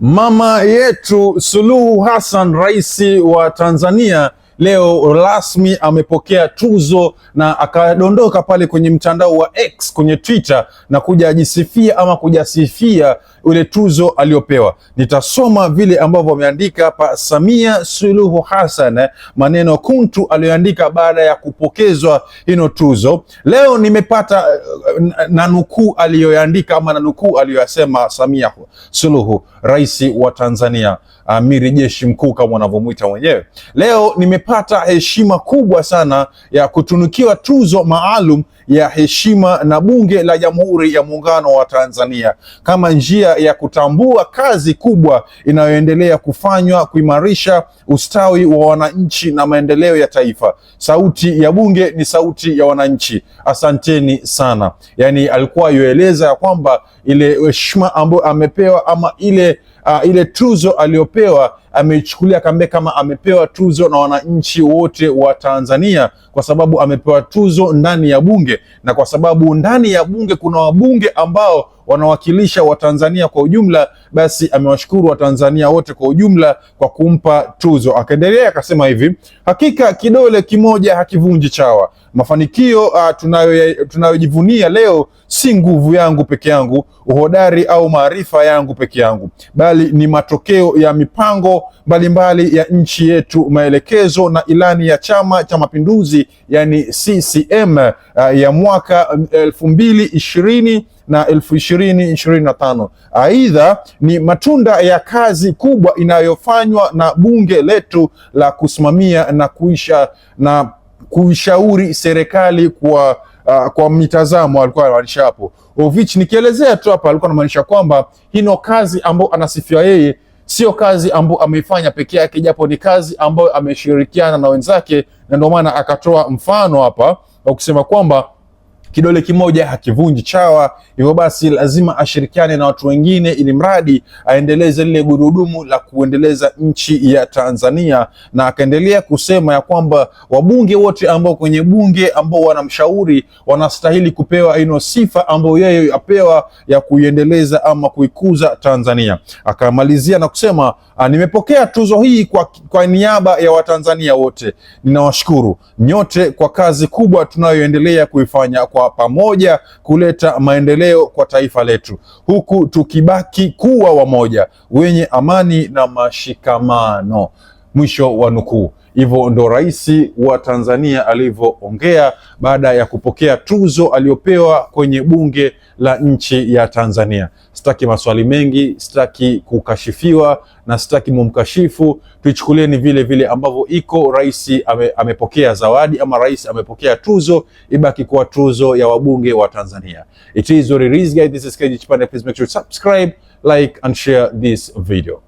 Mama yetu Suluhu Hassan, rais wa Tanzania leo rasmi amepokea tuzo na akadondoka pale kwenye mtandao wa X kwenye Twitter na kuja ajisifia ama kujasifia ile tuzo aliyopewa. Nitasoma vile ambavyo ameandika hapa. Samia Suluhu Hassan, eh, maneno kuntu aliyoandika baada ya kupokezwa hino tuzo. Leo nimepata eh, na nukuu aliyoandika ama na nukuu aliyoyasema Samia Suluhu, rais wa Tanzania, amiri jeshi mkuu kama wanavyomwita mwenyewe. Leo nime amepata heshima kubwa sana ya kutunukiwa tuzo maalum ya heshima na Bunge la Jamhuri ya Muungano wa Tanzania kama njia ya kutambua kazi kubwa inayoendelea kufanywa kuimarisha ustawi wa wananchi na maendeleo ya taifa. Sauti ya bunge ni sauti ya wananchi. Asanteni sana. Yani alikuwa yoeleza ya kwamba ile heshima ambayo amepewa ama ile, uh, ile tuzo aliyopewa ameichukulia Kambe kama amepewa tuzo na wananchi wote wa Tanzania, kwa sababu amepewa tuzo ndani ya bunge, na kwa sababu ndani ya bunge kuna wabunge ambao wanawakilisha Watanzania kwa ujumla, basi amewashukuru Watanzania wote kwa ujumla kwa kumpa tuzo. Akaendelea akasema hivi, hakika kidole kimoja hakivunji chawa. Mafanikio uh, tunayojivunia leo si nguvu yangu peke yangu, uhodari au maarifa yangu peke yangu, bali ni matokeo ya mipango mbalimbali ya nchi yetu, maelekezo na ilani ya Chama cha Mapinduzi yani CCM uh, ya mwaka um, elfu mbili ishirini na elfu ishirini ishirini na tano. Aidha, ni matunda ya kazi kubwa inayofanywa na bunge letu la kusimamia na kuisha na kuishauri serikali kwa Uh, kwa mitazamo alikuwa anamaanisha hapo Ovich, nikielezea tu hapa, alikuwa anamaanisha kwamba hino kazi ambayo anasifia yeye sio kazi ambayo ameifanya peke yake, japo ni kazi ambayo ameshirikiana na wenzake, na ndio maana akatoa mfano hapa wa kusema kwamba kidole kimoja hakivunji chawa. Hivyo basi lazima ashirikiane na watu wengine, ili mradi aendeleze lile gurudumu la kuendeleza nchi ya Tanzania. Na akaendelea kusema ya kwamba wabunge wote ambao kwenye bunge ambao wanamshauri wanastahili kupewa ino sifa ambayo yeye apewa ya kuiendeleza ama kuikuza Tanzania. Akamalizia na kusema ah, nimepokea tuzo hii kwa, kwa niaba ya Watanzania wote, ninawashukuru nyote kwa kazi kubwa tunayoendelea kuifanya kwa pamoja kuleta maendeleo kwa taifa letu, huku tukibaki kuwa wamoja wenye amani na mashikamano. Mwisho wa nukuu. Hivyo ndo rais wa Tanzania alivyoongea baada ya kupokea tuzo aliyopewa kwenye bunge la nchi ya Tanzania. Sitaki maswali mengi, sitaki kukashifiwa na sitaki mumkashifu. Tuichukulie ni vile vile ambavyo iko. Rais ame, amepokea zawadi ama rais amepokea tuzo, ibaki kuwa tuzo ya wabunge wa Tanzania. It is your release guys, This is KG Chipande. Please make sure to subscribe, like and share this video.